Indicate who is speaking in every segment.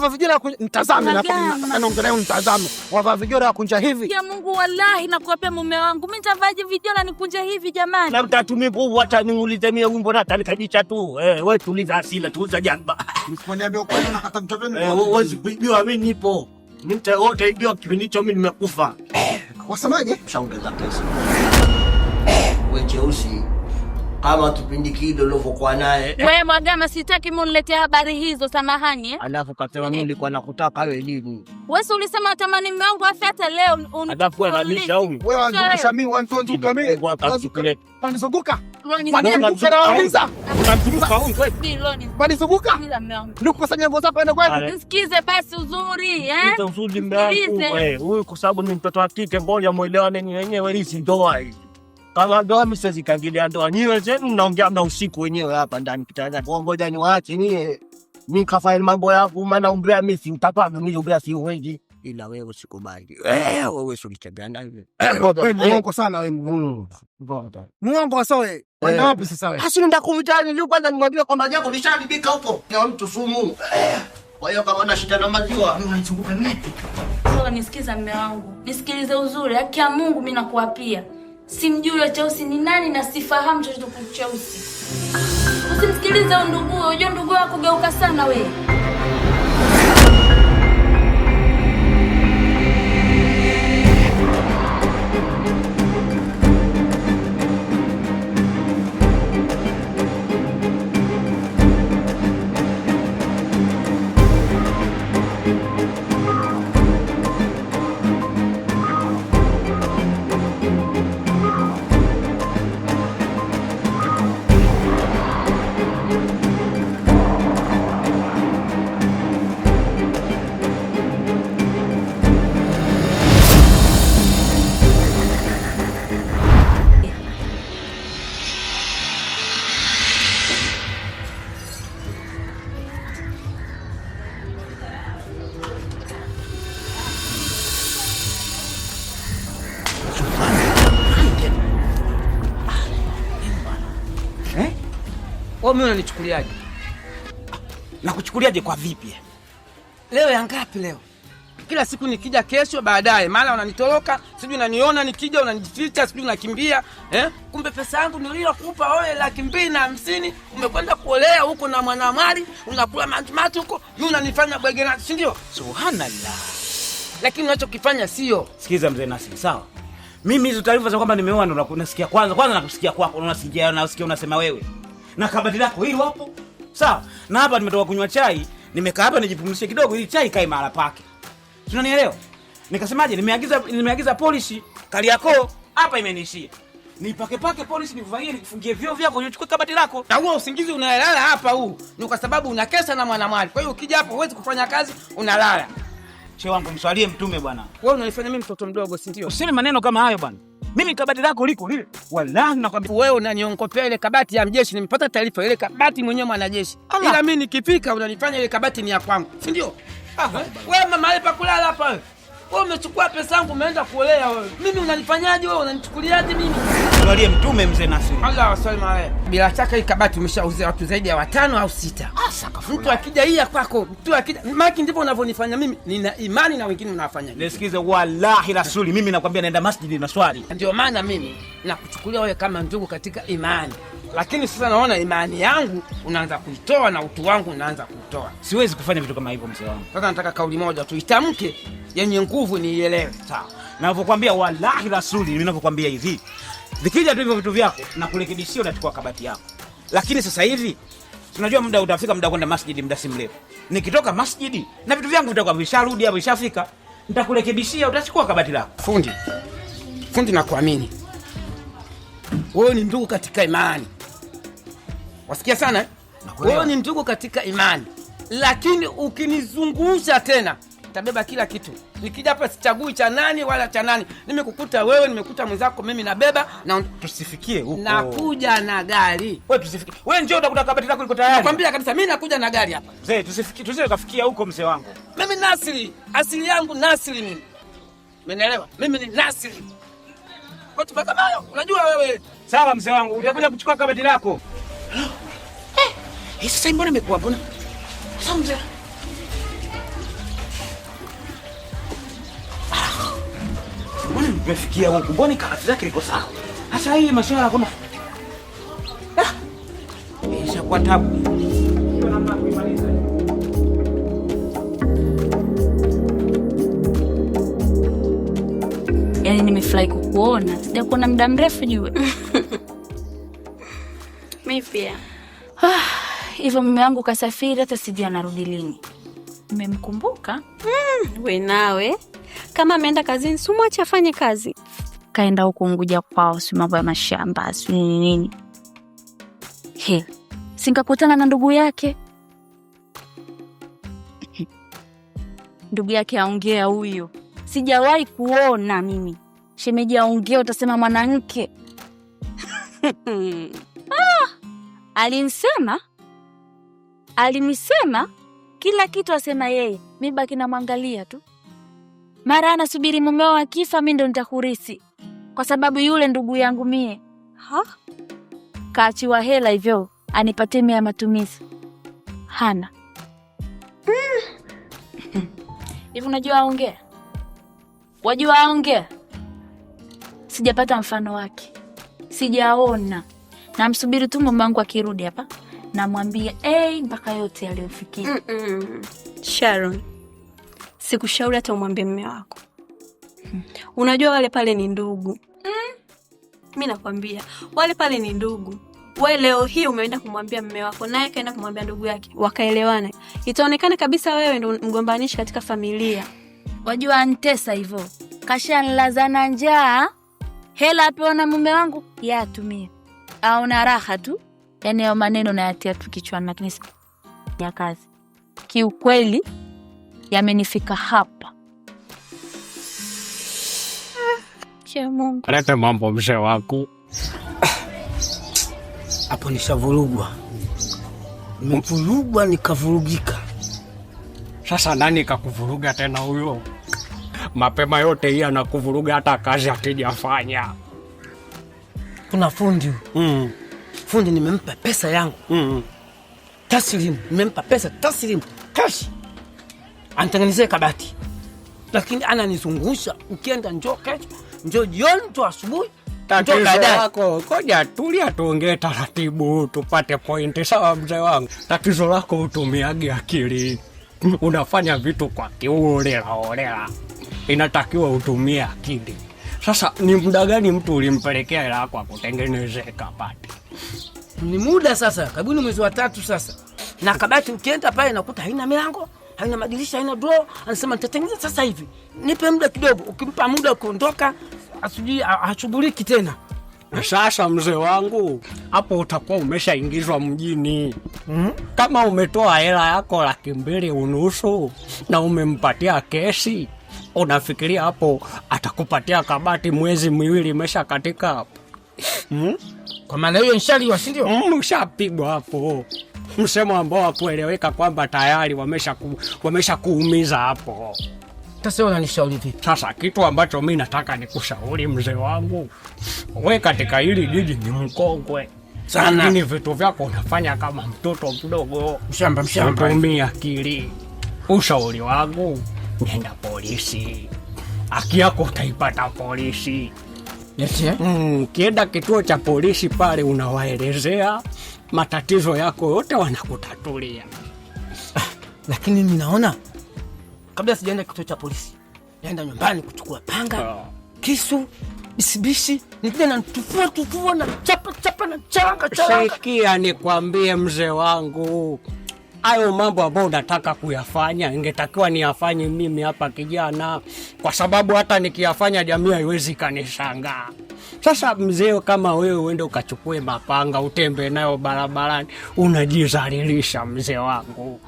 Speaker 1: Vijora mtazame na naongelea mtazame. Wavaa vijora ya kunja hivi.
Speaker 2: Ya Mungu wallahi nakuapia mume wangu. Mimi nitavaje vijora nikunje hivi jamani?
Speaker 1: Na mtatumia nguvu hata niulize mie wimbo na nikajicha tu. Eh, wewe tuliza asila tuuza jamba.
Speaker 3: Msiponiambia ukweli nakata mtaveni.
Speaker 1: Eh, wewe usibiwa mimi nipo. Ni mtu wote ibiwa kipindi hicho mimi nimekufa.
Speaker 3: Eh, wasemaje?
Speaker 1: Shaongeza pesa. Wewe eh, jeusi kama kipindi kile ulivyokuwa naye
Speaker 2: wewe Mwagama, sitaki muniletee habari hizo, samahani. Eh?
Speaker 1: Alafu kasema mimi nilikuwa nakutaka wewe nini?
Speaker 2: Wewe si ulisema utamani mume wangu afi hata leo.
Speaker 1: Alafu wewe unanilisha huyu.
Speaker 3: Wewe unanilisha mimi, wanizunguka mimi. Wanizunguka. Wanizunguka. Wanizunguka. Nikusanya nguo zako ende kwenu.
Speaker 2: Nisikize basi uzuri, eh?
Speaker 1: Nisikize uzuri mume wangu. kwa sababu ni mtoto wa kike, ngoja muelewane wenyewe, hii ndoa hii. Kawagami siwezi kaingilia ndoa, nyiwe zenu mnaongea mna usiku wenyewe hapa ndani kitanda. Kwa ngoja niwaache nie mi kafanya mambo yangu, maana umbea mi si utapa mi umbea si wengi, ila wewe sikubali, eh, wewe usichanganya naye. Mwongo sana wewe, mwongo soe wenda eh. wapi sasa wewe?
Speaker 2: Basi nenda kumtani juu kwanza, nimwambie kwamba jambo lishalibika huko
Speaker 1: kwa mtu sumu. Eh. Kwa hiyo kama una shida na maziwa
Speaker 3: unaichunguka mimi.
Speaker 2: Sasa nisikiza, mume wangu, nisikilize uzuri, haki ya Mungu mimi nakuapia Simjui huyo Cheusi ni nani na sifahamu chochote kuhusu Cheusi. Usimsikilize ndugu, unajua ndugu wako kugeuka sana wewe.
Speaker 1: Kwa mimi unanichukuliaje? Na kuchukuliaje kwa vipi? Leo ya ngapi leo? Kila siku nikija kesho baadaye, mara unanitoroka, sijui unaniona nikija unanijificha, sijui unakimbia eh? Kumbe pesa yangu niliyokupa wewe laki mbili na hamsini umekwenda kuolea huko na mwanamwali, unakula matumati huko, mimi unanifanya bwege na si ndio?
Speaker 3: Subhanallah.
Speaker 1: Lakini unachokifanya sio.
Speaker 3: Sikiza mzee Nasim, sawa? Mimi hizo taarifa za kwamba nimeoa ndo nasikia kwanza, kwanza nakusikia kwako, unasikia unasikia unasema wewe na kabati lako hilo hapo, sawa. Na hapa nimetoka kunywa chai, nimekaa hapa nijipumzishe kidogo, ili chai kae mahala pake, tunanielewa. Nikasemaje, nimeagiza nimeagiza polisi Kariakoo hapa, imenishia nipake pake polisi, nikuvanie, nikufungie vyo vyako, nichukue kabati lako.
Speaker 1: Na huo usingizi unalala hapa, huu ni kwa sababu unakesa na mwanamwali. Kwa hiyo ukija hapo huwezi kufanya kazi, unalala.
Speaker 3: Che wangu, mswalie Mtume bwana.
Speaker 1: Wewe unanifanya mimi mtoto mdogo, sindio ndio?
Speaker 3: Useme maneno kama hayo bwana. Mimi kabati lako liko lile. Wallahi nakwambia
Speaker 1: wewe unaniongopea ile kabati ya mjeshi, nimepata taarifa ile kabati mwenyewe mwanajeshi. Ila mimi nikifika unanifanya ile kabati ni ya kwangu, si ndio? Ah, wewe mama, hapa kulala hapa. Wewe umechukua pesa yangu umeenda kuolea wewe. Mimi unanifanyaje wewe? Unanichukuliaje mimi?
Speaker 3: Angalie mtume mzee Nasiri.
Speaker 1: Allah wasalimu alayhi. Bila shaka hii kabati umeshauzia watu zaidi ya watano au sita. Ah, mtu akija hii kwako, mtu akija maki ndipo unavyonifanya mimi. Nina imani na wengine unawafanya.
Speaker 3: Nisikize wallahi rasuli, mimi nakwambia naenda masjidi na swali.
Speaker 1: Ndio maana mimi nakuchukulia wewe kama ndugu katika imani. Lakini sasa naona imani yangu unaanza kuitoa na utu wangu unaanza kuitoa.
Speaker 3: Siwezi kufanya vitu kama hivyo mzee wangu.
Speaker 1: Sasa nataka kauli moja itamke yenye nguvu niielewe,
Speaker 3: sawa? Navyokwambia wallahi rasuli, ninavyokwambia hivi, vikija tu hivyo vitu vyako na kurekebishia, unachukua kabati yako. Lakini sasa hivi tunajua muda utafika, muda kwenda masjidi, muda si mrefu. Nikitoka masjidi na vitu vyangu vitakuwa visharudi hapo, vishafika, nitakurekebishia, utachukua kabati lako.
Speaker 1: Fundi, fundi, nakuamini wewe, ni ndugu katika imani, wasikia sana eh? wewe ni ndugu katika imani, lakini ukinizungusha tena tabeba kila kitu. Nikija hapa sichagui cha nani wala cha nani. Nimekukuta wewe, nimekuta mwenzako, mimi nabeba na
Speaker 3: tusifikie huko.
Speaker 1: Nakuja na gari.
Speaker 3: Wewe tusifikie. Wewe njoo utakuta kabati lako liko tayari.
Speaker 1: Nakwambia kabisa mimi nakuja na gari hapa.
Speaker 3: Mzee, tusifikie tusije kafikia huko mzee wangu.
Speaker 1: Mimi nasiri asili yangu nasiri mimi. Umeelewa? Mimi ni nasiri Kwa tupaka mayo, unajua wewe.
Speaker 3: Sawa mzee wangu, utakuja kuchukua kabati lako.
Speaker 1: Eh, hii eh, sasa mbona imekuwa mbona? Sasa mzee
Speaker 3: Nimefikia huku, Mbona kabati zake liko sawa? Sasa hii masuala ya kuna Ah. Ishakuwa tabu. Hiyo
Speaker 2: Yaani nimefurahi kukuona. sija kuona muda mrefu jua. Mimi pia. Ah, hivyo mume wangu kasafiri, hata sijui anarudi lini. Nimemkumbuka. Mm, we nawe kama ameenda kazini, simwache afanye kazi. Kaenda huku Unguja kwao, si mambo ya mashamba, si nini nini. He, singakutana na ndugu yake ndugu yake aongea huyo, sijawahi kuona mimi shemeji aongea, utasema mwanamke ah, alimsema alinisema kila kitu, asema yeye, mi baki namwangalia tu. Mara anasubiri mumeo akifa, mi ndo nitakurisi kwa sababu yule ndugu yangu mie ha? kaachiwa hela hivyo anipatie mia ya matumizi hana mm. hivi. Unajua aongea, wajua aongea, sijapata mfano wake, sijaona. Namsubiri tu mume wangu akirudi hapa, namwambia hey, mpaka yote aliyofikia. mm -mm. Sharon sikushauri hata umwambie mme wako. Hmm. Unajua wale pale ni ndugu. Hmm. Mi nakwambia wale pale ni ndugu. We leo hii umeenda kumwambia mme wako, naye kaenda kumwambia ndugu yake, wakaelewana, itaonekana kabisa wewe ndo mgombanishi katika familia. Wajua antesa hivyo, kashanlaza na njaa, hela apewa na mume wangu yatumie, aona raha tu, Yani ayo maneno nayatia tu kichwani, lakini ya kazi kiukweli yamenifika hapa.
Speaker 1: Lete mambo mzee wangu, hapo, nishavurugwa, nimevurugwa nikavurugika. Sasa nani kakuvuruga tena huyo? Mapema yote hii anakuvuruga, hata kazi akijafanya. Kuna fundi mm. Fundi nimempa pesa yangu mm. Taslimu, nimempa pesa taslimu, kashi anitengenezee kabati, lakini ananizungusha, ukienda njo kesho, njo jioni, tu asubuhi
Speaker 3: lako koja, tulia, tuongee taratibu, tupate pointi. Sawa mzee wangu, tatizo lako utumiagi akili, unafanya vitu kwa kiolelaolela, inatakiwa utumie akili. Sasa ni muda gani mtu ulimpelekea hela yako akutengeneze kabati?
Speaker 1: Ni muda sasa, karibuni mwezi wa tatu sasa, na kabati ukienda pale nakuta haina milango haina madirisha, haina dro. Anasema nitatengeneza sasa hivi, nipe muda kidogo. Ukimpa muda kuondoka, asijui hashughuliki tena.
Speaker 3: Sasa mzee wangu, hapo utakuwa umeshaingizwa mjini. Mm, kama umetoa hela yako laki mbili unusu na umempatia kesi, unafikiria hapo atakupatia kabati mwezi miwili imesha katika hapo?
Speaker 1: Mm? Kwa maana hiyo nshaliwa, sindio?
Speaker 3: Mm, shapigwa hapo msemo ambao wakueleweka kwamba tayari wamesha, ku, wamesha kuumiza hapo.
Speaker 1: Sasa unanishauri vipi?
Speaker 3: Sasa kitu ambacho mi nataka nikushauri mzee wangu, we katika hili jiji ni mkongwe sana, ni vitu vyako unafanya kama mtoto mdogo.
Speaker 1: Mshamba mshamba,
Speaker 3: tumia akili. Ushauri wangu nenda polisi, haki yako utaipata polisi.
Speaker 1: Yes, yeah. Mm,
Speaker 3: kienda kituo cha polisi pale unawaelezea matatizo yako yote wanakutatulia.
Speaker 1: Lakini ninaona kabla sijaenda kituo cha polisi, naenda nyumbani kuchukua panga, kisu, bisibisi nikija na tufua tufua na chapa chapa na changa
Speaker 3: charanga. Sikia nikwambie, mzee wangu, hayo mambo ambayo unataka kuyafanya ingetakiwa niyafanye mimi hapa kijana, kwa sababu hata nikiyafanya jamii haiwezi kanishangaa. Sasa mzee, kama wewe uende ukachukue mapanga utembe nayo barabarani, unajizalilisha mzee wangu.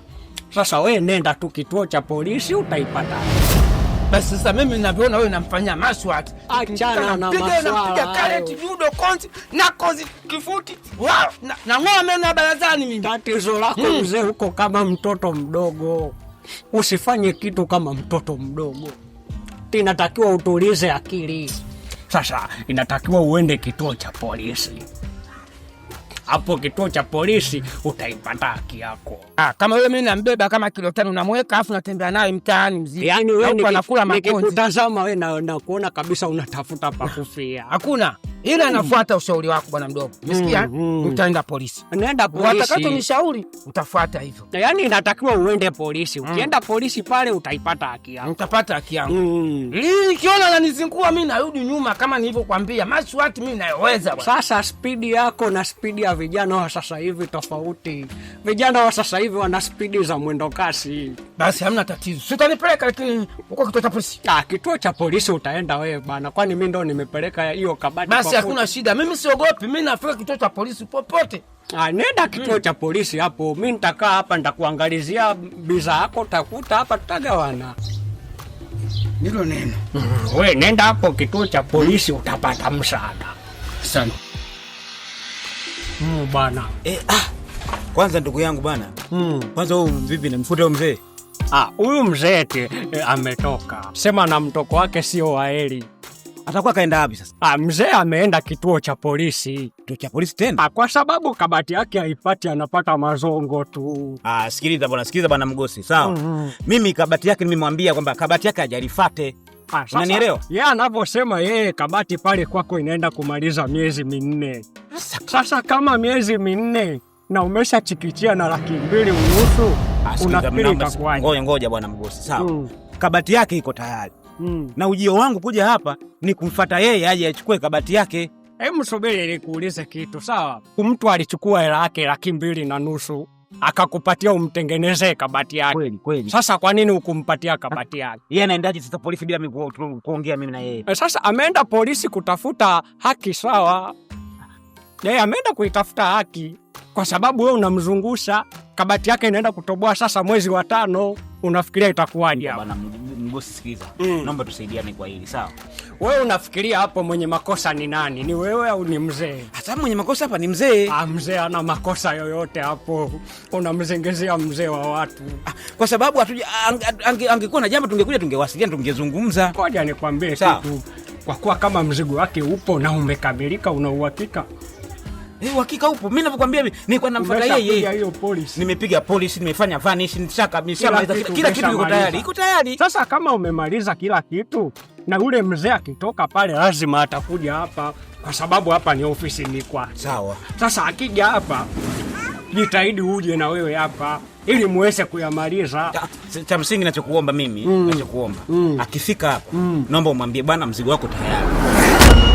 Speaker 3: Sasa we nenda tu kituo cha polisi utaipata.
Speaker 1: Basi sasa mimi ninavyoona wewe namfanyia maswat, Achana na maswala Napiga judo, konzi, nakozi, kifuti. na ng'oa ngome na barazani mimi.
Speaker 3: Tatizo lako hmm. mzee huko kama mtoto mdogo. Usifanye kitu kama mtoto mdogo. Tinatakiwa utulize akili. Sasa inatakiwa uende kituo cha polisi hapo kituo cha polisi utaipata haki yako.
Speaker 1: Ah, kama wewe mimi nambeba kama kilo tano namweka afu natembea naye mtaani mzima.
Speaker 3: Yaani wewe
Speaker 1: anakula makonzi. Nikikutazama wewe na nakuona kabisa unatafuta pa kufia. Hakuna. Ila mm. nafuata ushauri wako bwana mdogo. Umesikia? Mm, mm. utaenda polisi. Naenda polisi. Watakacho nishauri utafuata hivyo.
Speaker 3: Na yani inatakiwa uende polisi. Hmm. Ukienda mm. polisi pale utaipata haki yako.
Speaker 1: Utapata haki yangu. Mm. Nikiona ananizingua mimi narudi nyuma kama nilivyokuambia. Maswati mimi nayoweza
Speaker 3: bwana. Sasa spidi yako na spidi ya vijana wa sasa hivi tofauti. Vijana wa sasa hivi wana spidi za mwendo kasi.
Speaker 1: Basi hamna tatizo, sitanipeleka lakini uko kituo cha polisi.
Speaker 3: Ah, kituo cha polisi utaenda wewe bana, kwani mi ndo nimepeleka hiyo kabati?
Speaker 1: Basi hakuna shida, mimi siogopi, mi nafika kituo cha polisi popote.
Speaker 3: Ah, nenda kituo mm, cha polisi hapo. Mi nitakaa hapa, nitakuangalizia biza yako, takuta hapa, tutagawana
Speaker 1: Nilo neno. Mm,
Speaker 3: we nenda hapo kituo cha polisi, utapata msaada. Asante mm, bana
Speaker 1: e, ah. Kwanza ndugu yangu bana mm. Kwanza huyu vipi, namfuta huyu mzee
Speaker 3: ah, huyu? Ah, mzee eti eh, ametoka sema na mtoko wake sio waeli.
Speaker 1: Atakuwa kaenda wapi sasa?
Speaker 3: Ah, mzee ameenda kituo cha polisi.
Speaker 1: Kituo cha polisi tena?
Speaker 3: Ah, kwa sababu kabati yake haipati, anapata mazongo tu.
Speaker 1: Ah, sikiliza bwana, sikiliza bwana Mgosi, sawa mm -hmm. Mimi kabati yake nimemwambia kwamba kabati yake hajalifate Ah, Unanielewa?
Speaker 3: Yeye anaposema yeye kabati pale kwako inaenda kumaliza miezi minne. Sasa kama miezi minne na umeshachikichia na laki mbili unusu,
Speaker 1: ah, unafikiri itakuwaje? Ngoja ngoja, bwana mgosi, sawa. Mm. Kabati yake iko tayari. Mm. Na ujio wangu kuja hapa ni kumfata yeye aje achukue kabati yake.
Speaker 3: Hebu subiri nikuulize kitu, sawa? Mtu alichukua hela yake laki mbili na nusu akakupatia umtengenezee kabati yake. Kweli kweli. Sasa kwa nini ukumpatia kabati yake?
Speaker 1: Yeye anaendaje sasa polisi bila mimi kuongea mimi na yeye?
Speaker 3: Sasa ameenda polisi kutafuta haki, sawa? Yeye ameenda kuitafuta haki kwa sababu wewe unamzungusha kabati yake inaenda kutoboa. Sasa mwezi wa tano unafikiria itakuwaje?
Speaker 1: Bana mgosi, Mm. naomba tusaidiane kwa hili, sawa?
Speaker 3: Wewe unafikiria hapo mwenye makosa ni nani? Ni wewe au ni mzee?
Speaker 1: Hata mwenye makosa hapa ni mzee.
Speaker 3: Ah, mzee ana makosa yoyote hapo, unamzengezea mzee wa watu. Ah,
Speaker 1: kwa sababu angekuwa ang, ang, ang, na jambo tungekuja, tungewasiliana, tungezungumza.
Speaker 3: Ngoja nikwambie kitu, kwa kuwa kama mzigo wake upo na umekamilika, una uhakika
Speaker 1: Eh, uhakika upo. Mimi ninavyokuambia mimi nilikuwa namfuata yeye. Nimepiga polisi, nimefanya vanish, nishaka, nishamaliza kila kitu, kiko tayari. Iko tayari.
Speaker 3: Sasa kama umemaliza kila kitu, na yule mzee akitoka pale lazima atakuja hapa, kwa sababu hapa ni ofisi ni kwa. Sawa. Sasa akija hapa, jitahidi uje na wewe hapa ili muweze kuyamaliza.
Speaker 1: Cha msingi nachokuomba mimi, mm. nachokuomba mm. akifika hapa mm. naomba umwambie bwana, mzigo wako tayari.